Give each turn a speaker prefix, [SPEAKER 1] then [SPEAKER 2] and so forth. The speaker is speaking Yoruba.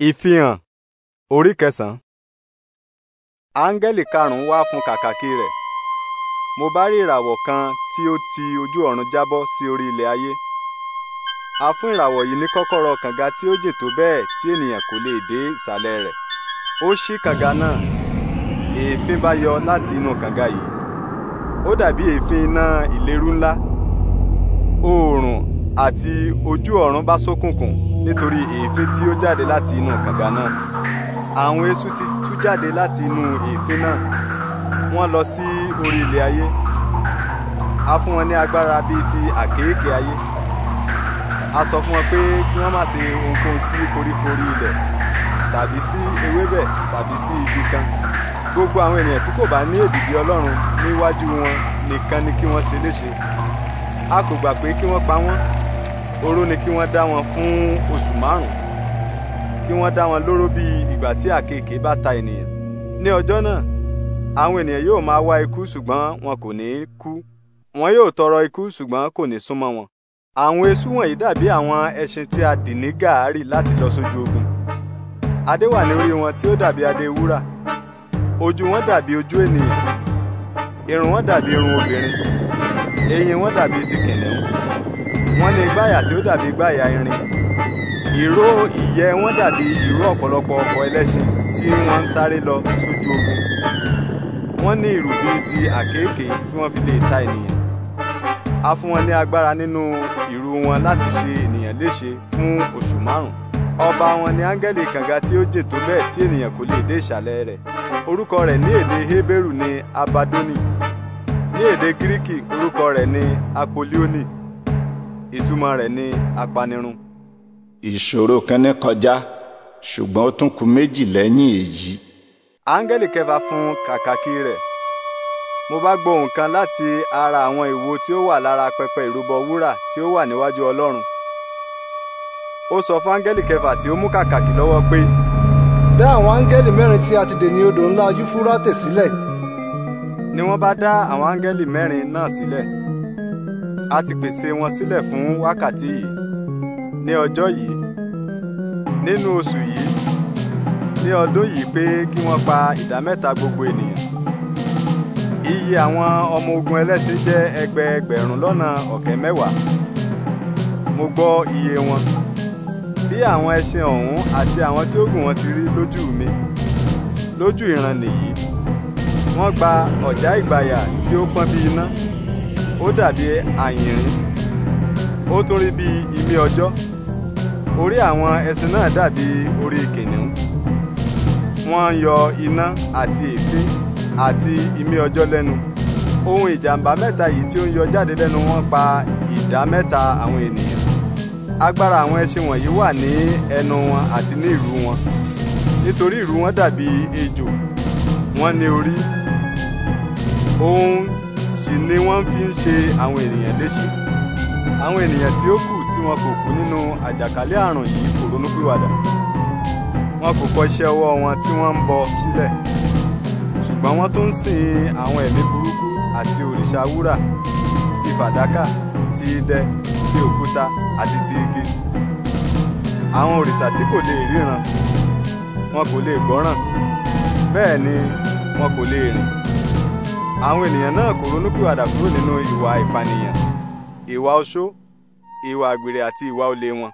[SPEAKER 1] ìfihàn orí kẹsàn-án. áńgẹ́lì karùn-ún wá fún kàkàkí rẹ̀ mo bá rí ìràwọ̀ kan tí ó ti ojú ọ̀run jábọ́ sí orí ilẹ̀ ayé a fún ìràwọ̀ yìí ní kọ́kọ́rọ́ kànga tí ó jìn tó bẹ́ẹ̀ tí ènìyàn kò lè dé ìsàlẹ̀ rẹ̀ ó ṣí kànga náà èéfín bá yọ láti inú kànga yìí ó dàbí èéfín iná ìléru ńlá oòrùn àti ojú ọ̀run bá ṣókùnkùn. So nítorí èéfín tí ó jáde láti inú kànga náà àwọn eṣú ti tú jáde láti inú èéfín náà wọ́n lọ sí orí ilẹ̀ ayé a fún wọn ní agbára bíi ti àkéékè ayé a sọ fún wọn pé kí wọ́n má ṣe ohunkóhun sí koríko orí ilẹ̀ tàbí sí ewébẹ̀ tàbí sí igi kan gbogbo àwọn ènìyàn tí kò bá ní èdìdì ọlọ́run níwájú wọn nìkan ni kí wọ́n ṣe léṣe a kò gbà pé kí wọ́n pa wọ́n oró ni kí wọ́n dá wọn fún oṣù márùn-ún kí wọ́n dá wọn lóró bí ìgbà tí àkekèé bá ta ènìyàn ní ọjọ́ náà àwọn ènìyàn yóò máa wá ikú ṣùgbọ́n wọn kò ní kú wọn yóò tọrọ ikú ṣùgbọ́n kò ní súnmọ́ wọn àwọn eṣú wọ̀nyí dàbí àwọn ẹṣin tí a dì ní gàárì láti lọ sójú ogun adé wà ní orí wọn tí ó dàbí adé wúrà ojú wọn dàbí ojú ènìyàn irun wọn dàbí irun obìnrin eyín wọn dàbí ti kìnìún wọ́n ní gbáyà tí ó dàbí gbáyà irin ìró ìyẹ́ wọn dàbí ìró ọ̀pọ̀lọpọ̀ ọkọ̀ ẹlẹ́ṣin tí wọ́n ń sáré lọ sójú ogun wọ́n ní ìrù ti àkéèké tí wọ́n fi lè ta ènìyàn a fún wọn ní agbára nínú ìrù wọn láti ṣe ènìyàn léṣe fún oṣù márùn ọba wọn ni áńgẹ́lì kànga tí ó jè tó bẹ́ẹ̀ tí ènìyàn kò lè dé ìsàlẹ̀ rẹ̀ orúkọ rẹ̀ ní èdè Hébérù ni abadoni ní èdè gíríkì orúkọ rẹ̀ ni apolioni ìtumọ̀ rẹ̀ ni apanirun. ìṣòro kan ní kọjá ṣùgbọ́n ó tún kù méjì lẹ́yìn èyí. áńgẹ́lì kẹfà fún kàkàkí rẹ̀ mo bá gbóhùn kan láti ara àwọn ìwo tí ó wà lára pẹpẹ ìrúbọ wúrà tí ó wà níwájú ọlọ́run ó sọ fún áńgẹ́lì kẹfà tí ó mú kàkàkí lọ́wọ́ pé. dá àwọn áńgẹ́lì mẹ́rin tí a ti dè ní odò ńlá yúfúrátè sílẹ̀. ni wọ́n bá dá àwọn áńgẹ́lì mẹ́rin náà sílẹ̀. Si a ti pèsè wọn sílẹ̀ fún wákàtí yìí ní ọjọ́ yìí nínú oṣù yìí ní ọdún yìí pé kí wọ́n pa ìdá mẹ́ta gbogbo ènìyàn iye àwọn ọmọ ogun ẹlẹ́ṣin jẹ́ ẹgbẹẹgbẹ̀rún lọ́nà ọ̀kẹ́ mẹ́wàá mo gbọ́ iye wọn bí àwọn ẹṣin ọ̀hún àti àwọn tí ó wọn ti rí lójú mi lójú ìran nìyí wọ́n gba ọ̀já ìgbàyà tí ó pọ́n bí iná ó dàbí àyìnrín ó tún rí bí imí ọjọ́ orí àwọn ẹṣin náà dàbí orí kìnìún wọ́n ń yọ iná àti èéfín àti imí ọjọ́ lẹ́nu ohun ìjàmbá mẹ́ta yìí tí ó ń yọ jáde lẹ́nu wọn pa ìdá mẹ́ta àwọn ènìyàn agbára àwọn ẹṣin wọ̀nyí wà ní ẹnu wọn àti ní ìrù wọn nítorí ìrù wọn dàbí ejò wọ́n ní orí ó sì ni wọ́n fi ń ṣe àwọn ènìyàn léṣe àwọn ènìyàn tí ó kù tí wọn kò kú nínú àjàkálẹ̀ àrùn yìí kò ronúpìwàdà wọn kò kọ iṣẹ́ ọwọ́ wọn tí wọ́n ń bọ sílẹ̀ ṣùgbọ́n wọ́n tún ń sìn àwọn ẹ̀mí burúkú àti òrìṣà wúrà ti fàdákà ti idẹ ti òkúta àti ti igi àwọn òrìṣà tí kò lè ríran wọn kò lè gbọ́ràn bẹ́ẹ̀ ni wọn kò lè rìn àwọn ènìyàn náà kò ronúpìwàdà kúrò nínú ìwà ìpànìyàn ìwà oṣó ìwà àgbèrè àti ìwà olè wọn